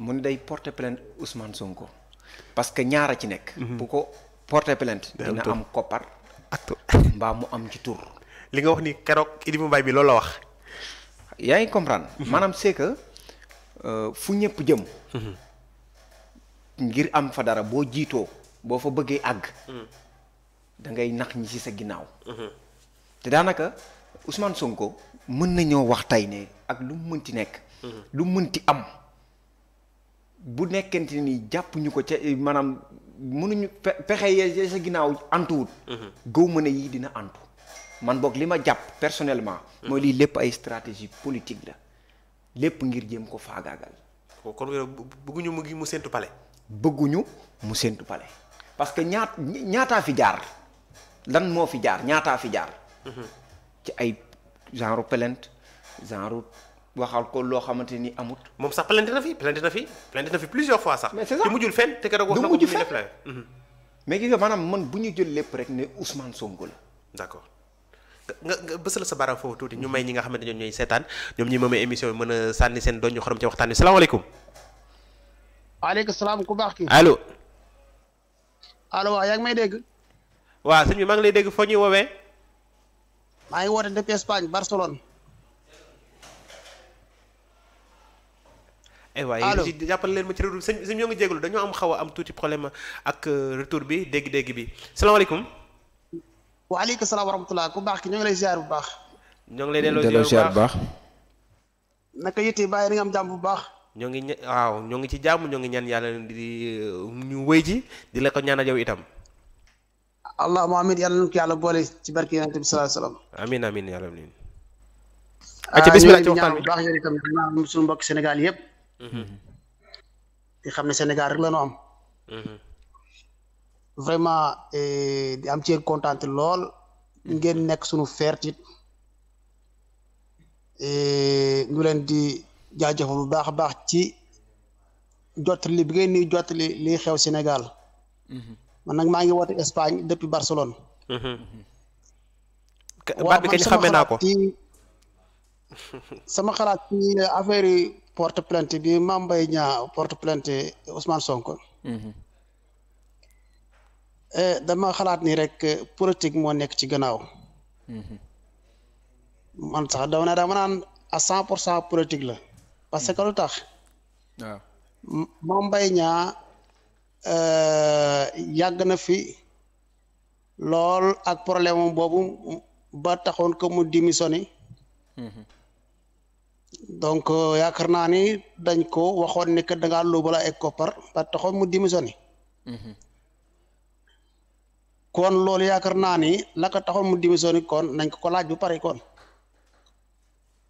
mu ne day porter plainte Ousmane Sonko parce que ñaar a ci nekk. Mhm. bu ko porte plainte. dina am koppar. ak mbaa mu am ci tur. li nga wax ni keroog Idima Mbaye bi loolu la wax. yaa ngi comprendre. Mhm. maanaam c'est que euh, fu ñëpp jëm. Mhm. ngir am fa dara boo jiitoo boo fa bëggee àgg. da ngay nax ñi ci sa ginnaaw. te daanaka usman Sonko mën nañoo wax tey ne ak lu mu mënti nekk. lu mënti am. bu nekkente ni jàppuñu ko ca eh, maanaam mënuñu pexe ya sa ginnaaw antuwut mhm. gëw ma ne yii dina antu man boog li ma jàpp personnellement mhm. mooy lii lépp ay stratégie politique la lépp ngir jéem ko faagaagal kon bëgguñu mu ngi séntu pale bëgguñu mu séntu pale parce que ñaat ñaataa fi jaar lan moo fi jaar ñaataa fi jaar mhm. ci ay genre plainte genre waxal ko loo xamante ni amut. moom sax plainte na fi plainte na fi plainte na fi plusieurs fois sax. mais te mujjul fenn te keroog wax na ko def mhm. man bu ñu jël lépp rek ne Ousmane Sonko la. d'accord nga nga bësal sa baaraam foofu tuuti ñu may ñi nga xamante ne ñoom ñooy seetaan ñoom ñi moomee émission bi mën a sànni seen doon ñu xorom ci waxtaan wi salaamaaleykum. waaleykum salaam ku baax ki allo. allo may dégg. waaw sëñ maa ngi lay dégg foo ñuy woowee. maa ngi woote depuis Espagne Barcelone. eh waaye jàppale leen ma ci réew sëñ sëñ ñoo ngi jégalu dañoo am xaw a am tuuti problème ak retour bi dégg-dégg bi salaamaaleykum. waaleykum salaam wa rahmatulah ku baax ki ñoo ngi lay ziar bu baax. ñoo ngi lay delloo ziar bu baax naka yitte bàyyi nga am jàmm bu baax. ñoo ngi ñoo ngi ci jàmm ñoo ngi ñan yàlla di ñu wéy ji di la ko ñaanal yow itam. allah muhammad yàlla ko yàlla boole ci barke yonent bi sallallahu alayhi wa sallam. amiin amiin yàlla amiin. ah baax yow itam suñu mbokk Sénégal yëpp. di mhm. xam ne Sénégal rek la ñu am. Mhm. vraiment eh, di am ci kontaan lool mhm. ngeen nekk suñu fertit eh, ñu leen di jaajëfal bu baax a baax ci li bi ngeen ni jottali li xew Sénégal. man nag maa ngi woote Espagne depuis Barcelone. baat bi xamee naa ko sama xalaat ci affaire porte plainte bi Mame Mbaye Niang porte plainte Ousmane Sonko. Mhm. Eh, dama xalaat ni rek eh, politique moo nekk ci gannaaw. Mhm. man sax dama ne dama naan à cent pour cent politique la. parce que lu tax. waaw Mame Mbaye eh, na fi lool ak problème boobu ba taxoon ko mu donc euh, yaakaar naa ni dañ ko waxoon ni que da ngaa luubal ay koppar ba taxoon mu démissionné mhm. kon lool yaakaar naa ni la ko taxoon mu démissionné kon nañ ko ko laaj bu pare kon.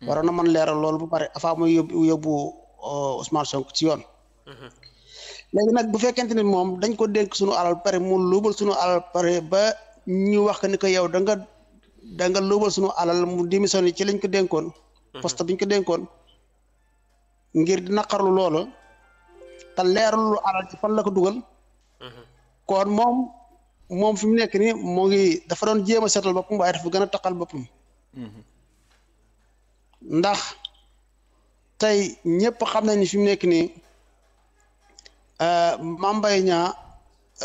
Mhm. waroon na man leeral lool bu pare afaa muy yóbbu yóbbu euh, ci yoon. Mhm. léegi nag bu fekkente ni moom dañ ko dénk suñu alal pare mu luubal suñu alal pare ba ñu wax que ni que yow da nga da suñu alal mu démissionné ci lañ ko dénkoon. Mhm. poste biñ ko dénkoon ngir dina naqarlu loola te leerul alal ci fan la ko dugal mhm. kon moom moom fi mu nekk nii moo ngi dafa doon jéem a seetal boppam waaye dafa gën a taqal boppam mhm. ndax tey ñëpp xam nañ ni fi mu nekk nii euh, Mame Mbaye Niang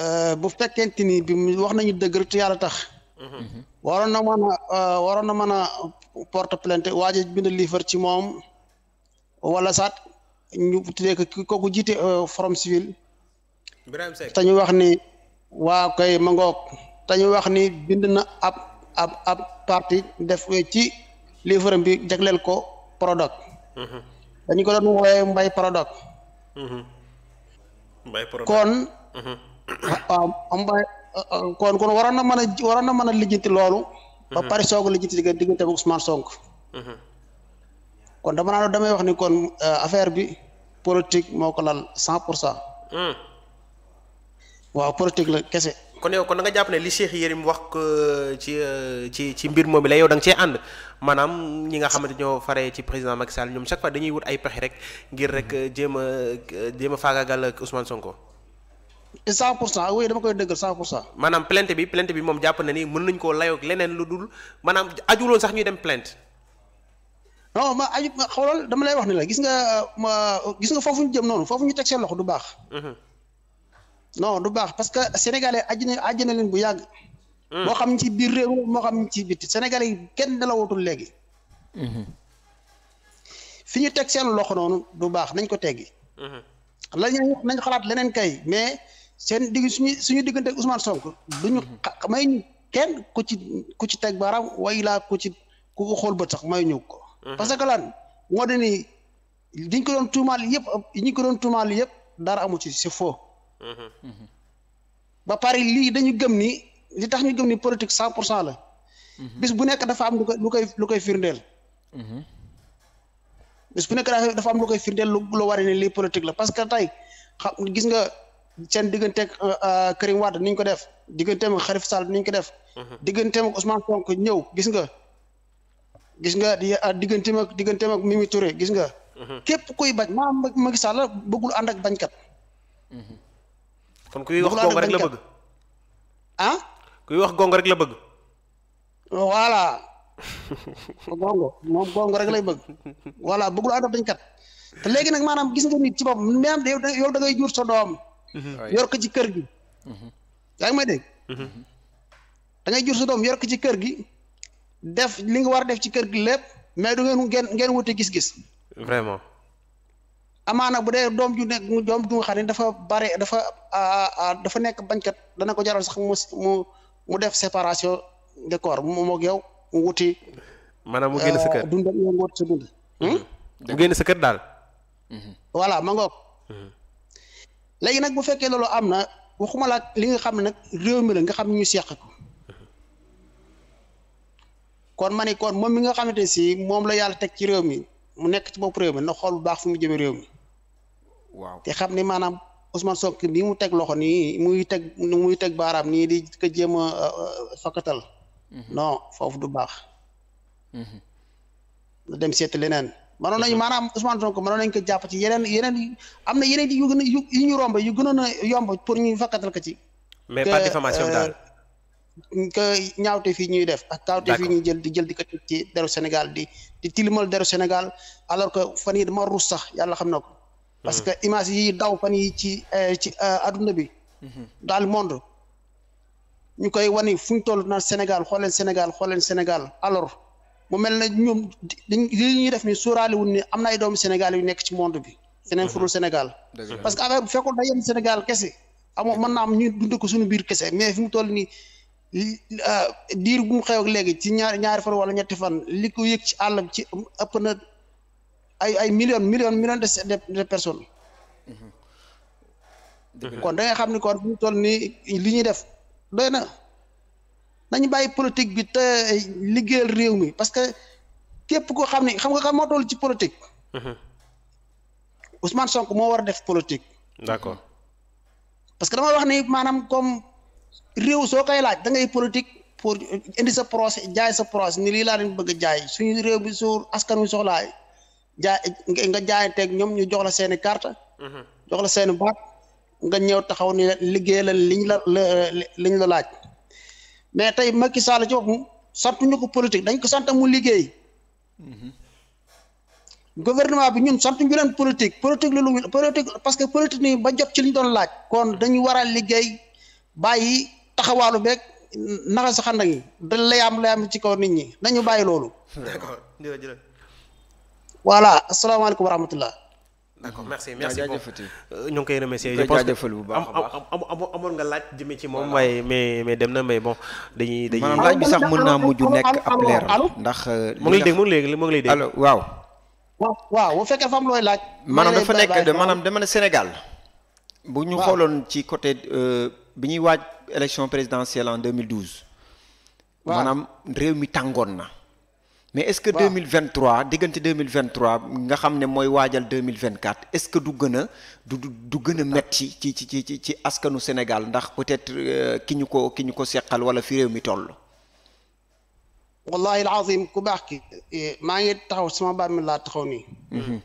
euh, bu fekkente ni bi wax nañu dëgg rek te yàlla tax waroon na mën a euh, waroon na mën a porte plainte waa ji bind liifar ci moom wala saat ñu tuddee ko kooku jiite euh, forum civil. Birahim Seck wax ni waa koy mangoog te ñu wax ni bind na ab ab ab parti def ci liifaram bi jagleel ko Prodac. dañu mhm. ko doon wooyee mbay Prodac. Mhm. kon. waaw mhm. ah, mbay. Euh, kon kon waroon na mën a waroon na mën a lijjanti loolu. ba mhm. pare soog a lijjanti diggante bu Ousmane sonk mhm. kon dama naan damay wax ni kon euh, affaire bi politique moo ko lal cent pour cent. Mhm. waaw politique la kese. kon yow kon da nga jàpp ne li Cheikh Yérim wax euh, ci ci ci mbir moom la yow danga nga cee ànd maanaam ñi nga xamante ñoo fare ci président Macky Sall ñoom chaque fois dañuy wut ay pexe rek ngir rek jéem a jéem a faagaagal ak Ousmane Sonko. cent pour cent ah oui dama koy dëggal cent pour cent. maanaam plainte bi plainte bi moom jàpp na ni mën nañ koo layoog leneen lu dul maanaam ajuloon sax ñuy dem plainte. non ma aju ma xoolal dama lay wax ni la gis nga ma gis nga foofu ñu jëm noonu foofu ñu teg seen loxo baax. Mhm. non du baax parce que sénégalais aju na aju leen bu yàgg. Mhm. moo xam ci biir réew moo xam ci biti sénégalais yi kenn dalawatul léegi. Mhm. fi ñu teg seen loxo noonu du baax nañ ko teggi. la nañ xalaat leneen kay mais. seen digg suñu suñu diggante usman Ousmane Sonko duñu mhm. may ñu kenn ku ci ku ci teg baaraam way laa ku ci ku xool bët sax may ñu ko mhm. parce que lan moo de ni diñ ko doon tuumaal yëpp ñu ko doon tuumaal yëpp dara amu ci c'est faux mhm. ba pare lii dañu gëm ni li tax ñu gëm ni politique cent pour cent la bis bu nekk dafa am lu koy koy lu koy firndeel bis bu nekk dafa am lu koy firndeel lu war a ne la parce que tey xam gis nga seen digganteeg euh, euh, Karim Wade ni ko def digganteem ak Khalifa Sall ni ko def. Mhm. digganteem ak Ousmane Sonko ñëw gis nga. gis nga euh, digganteem ak digganteem ak Mimi Touré gis nga. Mhm. képp koy bañ maanaam ma Sall bëggul ànd ak bañkat. Mhm. kon ah? kuy wax gong rek la bëgg. ah. kuy wax rek la bëgg. bëgg. voilà bëggul ànd ak bañkat te léegi nag maanaam gis nga nit ci boppam même yow da jur sa doom. yor ko ci kër gi mm-hmm. yaa ngi may dégg mm-hmm. dangay ngay jur sa doom yor ci kër gi def li nga war a def ci kër gi lépp mais du ngeen ngeen ngeen wute gis-gis vraiment amaana bu dee doom ju nekk doom ju nga xam ne dafa bare dafa a dafa nekk bañkat dana ko jaral sax mu mu mu def séparation de corps mu moog yow mu wuti maanaam mu génn sa euh, kër dundal sa dund hmm? mm-hmm. mu génn sa kër daal voilà ma ngoog léegi nag bu fekkee lolo am na waxumalaat li nga xam ne nag réew mi la nga xam ñu seq ko kon ma ne kon moom mi nga xamante si moom la yàlla teg ci réew mi mu nekk ci bopp réew mi na xool bu baax fu mu jëmee réew mi. waaw te xam ni maanaam Ousmane Sonko nii mu teg loxo nii muy teg muy teg baaraam nii di ko jéem a fakkatal. Mhm. non foofu du baax. Mhm. dem seet leneen. mënoon nañu mhm. maanaam Ousmane Sonko mënoon ko jàpp ci yeneen yeneen am na yeneen yu gën a yu ñu romb yu gënoon a yomb pour ñu fakkatal ko ci. mais pas diffamation euh, daal. que ñaawte fii ñuy def ak kaawte fii ñuy jël di jël di ko ci deru Sénégal di tilimal deru Sénégal alors que fan yii dama ruus sax yàlla xam na ko. parce mhm. que image yi daw fan yi ci euh, ci euh, adduna bi. Mhm. dans le monde. ñu koy wane fu toll naan Sénégal xooleen Sénégal xooleen Sénégal alors. mu mel ne ñoom li ñuy def ni sóoraale wu ni am na ay doomu Sénégal yu nekk ci monde bi. feneen furul Sénégal. parce que affaire bu fekkoon day yem Sénégal kese. amoo mën naa am ñu dund suñu biir kese mais fu mu toll nii ah, diir gu mu xew ak léegi ci ñaari ñaari fan wala ñetti fan li ko yëg ci àll ci ëpp na ay ay millions millions millions de de personnes. kon da xam ni kon fi mu toll nii li ñuy def doy na. nañu bàyyi politique bi te eh, liggéeyal réew mi parce que képp koo xam ne xam nga xam moo toll ci politique. Mhm. Ousmane Sonko moo war a def politique. d'accord parce que dama wax ni maanaam comme réew soo koy laaj da ngay politique pour indi sa projet jaay sa projet ni lii laa leen bëgg a jaay suñu réew bi su askan wi soxlaa jaay nga jaay teeg ñoom ñu jox la seeni carte mhm. jox la seeni baat nga ñëw taxaw ni liggéeyal liñ la liñ la laaj. mais tey Macky Sall ci boppam santuñu ko politique dañ ko sant mu liggéey mhm. gouvernement bi ñun santuñu leen politique politique lu lu politique parce que politique nii ba jot ci liñ doon laaj kon dañu waral liggéey bàyyi taxawaalu beeg naxa sa xanda gi da layaam layaam ci kaw nit ñi nañu bàyyi loolu d'accord voilà asalaamaaleykum wa d'accord mm-hmm. merci merci beaucoup euh, ñu ngi koy remercier je pense que bu baax amoon nga laaj jëmee ci moom waaye mais mais dem na may bon dañuy dañuy maanaam laaj bi sax mën naa mujj nekk ab leer ndax euh, mu ngi lay dégg mu ngi lay mu ngi waaw waaw bu fekkee fam looy laaj maanaam dafa nekk de maanaam dama ne Sénégal bu ñu xooloon ci côté euh, bi ñuy waaj élection présidentielle en 2012 maanaam réew mi tàngoon na mais est-ce que 2023 diggante 2023 nga xam ne mooy waajal 2024 est-ce que du gën a du du gën a ah. metti ci ci ci ci askanu Sénégal ndax peut-être euh, ki ñu ko ki ñu ko seqal wala fi mi toll. wallahi alazim ku baax ki eh, maa ngi taxaw sama baat mi laa taxaw nii. Mhm.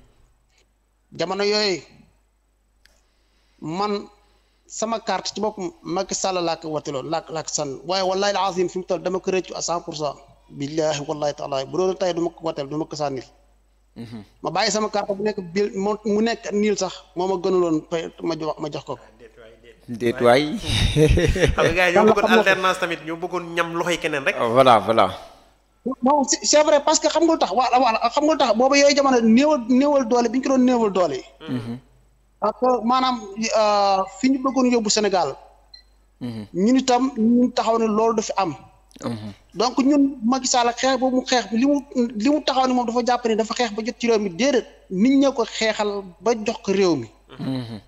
jamono yooyu man sama carte ci boppam Macky Sall laa ko wateloon laa laa ko sànn waaye wallahi alazim fi mu toll dama ko rëccu à 100 pour cent. billaahi wallaahi taalaa bu doon tay du ma ko wateel du ma ko sànnil mhm. ma bàyyi sama carte bu nekk bil mu nekk niil sax moo ma gënuloon ma jox ma jox ko. déet waay. xam nga ñoo bëggoon alternance tamit ñoo bëggoon ñam loxoy keneen rek. voilà voilà. non c'est vrai parce que xam nga tax waa waa xam nga lu tax boobu yooyu jamono néewal néewal doole bi ñu ko doon néewal doole. Mhm. parce maanaam euh, fi ñu bëggoon yóbbu Sénégal. Mhm. ñun itam ñun taxaw ne loolu du am. Mm-hmm. donc ñun Macky Sall xeex boobu mu xeex li mu li mu taxaw ni moom dafa jàpp ne dafa xeex ba jot ci réew mi déedéet nit ña ko xeexal ba jox ko réew mi. Mm-hmm.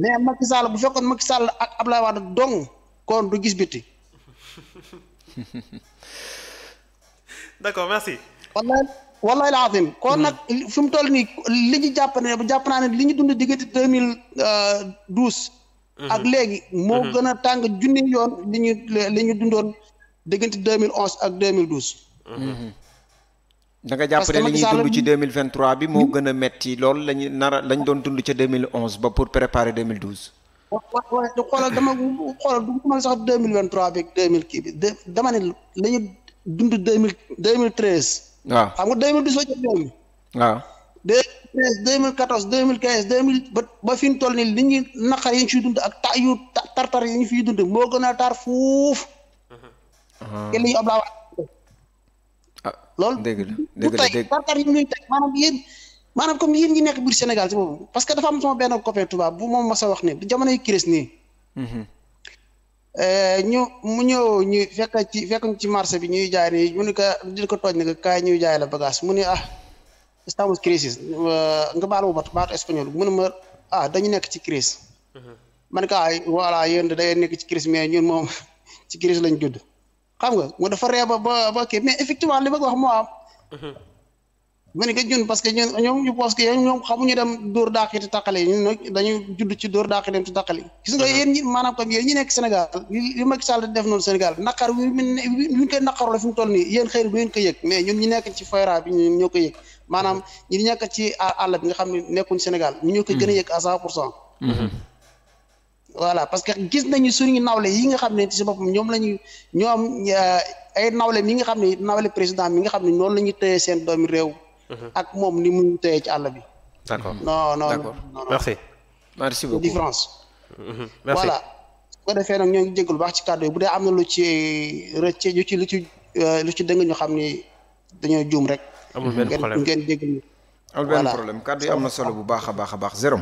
mais Macky Sall bu fekkoon Macky Sall ak Abdoulaye Wade dong kon du gis biti. d'accord merci. wallaay wallaay la azim kon nag mm-hmm. fi mu toll nii li ñu jàpp ne bu jàpp naa ne li ñu dund diggante deux mille euh, douze. ak léegi moo gën a tàng junni yoon li ñu li ñu dundoon. diggante 2011 ak 2012. da nga jàpp ne li ñuy dund ci 2023 bi moo gën a metti lool lañu nara lañ doon dund ca 2011 ba pour préparer 2012. waaw du xoolal dama xoolal du ma sax 2023 bi 2000 kii bi dama ne la ñu dund 2000 2013. waaw xam nga 2012 ba ca réew mi. waaw. 2013 2014 2015 ba ba fi ñu toll nii li ñuy naqar yi ñu fiy dund ak ta yu tartar yi ñu fiy dund moo gën a tar fuuf. te lii Ablaye wax ah, loolu du tey tartar yi ñuy teg maanaam yéen maanaam comme yéen ñi nekk biir Sénégal si boobu parce que dafa am sama benn copain tubaab bu moom masa wax ne bu jamonoy crise nii mhm. eh, ñu mu ñëw ñu fekk ci fekk ci marché bi ñuy jaay nii mu ne ko di ko tooj ne ko kaay ñuy jaay la bagage mu ne ah estamos crisis eh, nga baal ma baatu espagnol mu ne ma ah dañu nekk ci crise mhm. man ka ay ah, voilà yéen da nekk ci crise mais ñun moom ci crise lañ judd xam nga mu dafa reeba ba ba kii mais effectivement li bëgg wax moo am. Mhm. ma ne que ñun parce que ñoom ñu parce que ñoom xamuñu dem dóor daaq yi te tàqale yi ñun dañu judd ci dóor daaq yi dem te tàqale yi gis nga mhm. yéen ñi maanaam comme yéen ñi nekk Sénégal li Macky Sall def noonu Sénégal naqar wi ñu koy naqaroo la fi mu toll nii yéen xëy na du ngeen ko yëg mais ñun ñi nekk ci foyra bi ñun ñoo ko yëg maanaam mhm. ñi nekk ci àll nga xam ne nekkuñ Sénégal ñu ñoo koy gën a yëg à cent pour cent voilà parce que gis nañu suñu nawle yi nga xam ne ci boppam ñoom la ñu ñoom euh, ay nawle mi nga xam ne nawle président mi nga xam ne noonu lañuy ñuy seen doomi réew. Mhm. ak moom ni mu tëyee ci àll bi. d'accord non non non merci. merci beaucoup différence. Mhm. merci voilà su defee nag ñoo ngi lu baax ci kàddu yi bu dee am na lu ci rëcc lu ci lu ci euh, lu ci dëng ñu xam ni dañoo juum rek. amul benn problème ngeen ngeen jégalu. amul benn problème yi am na solo bu baax a baax a baax zéro.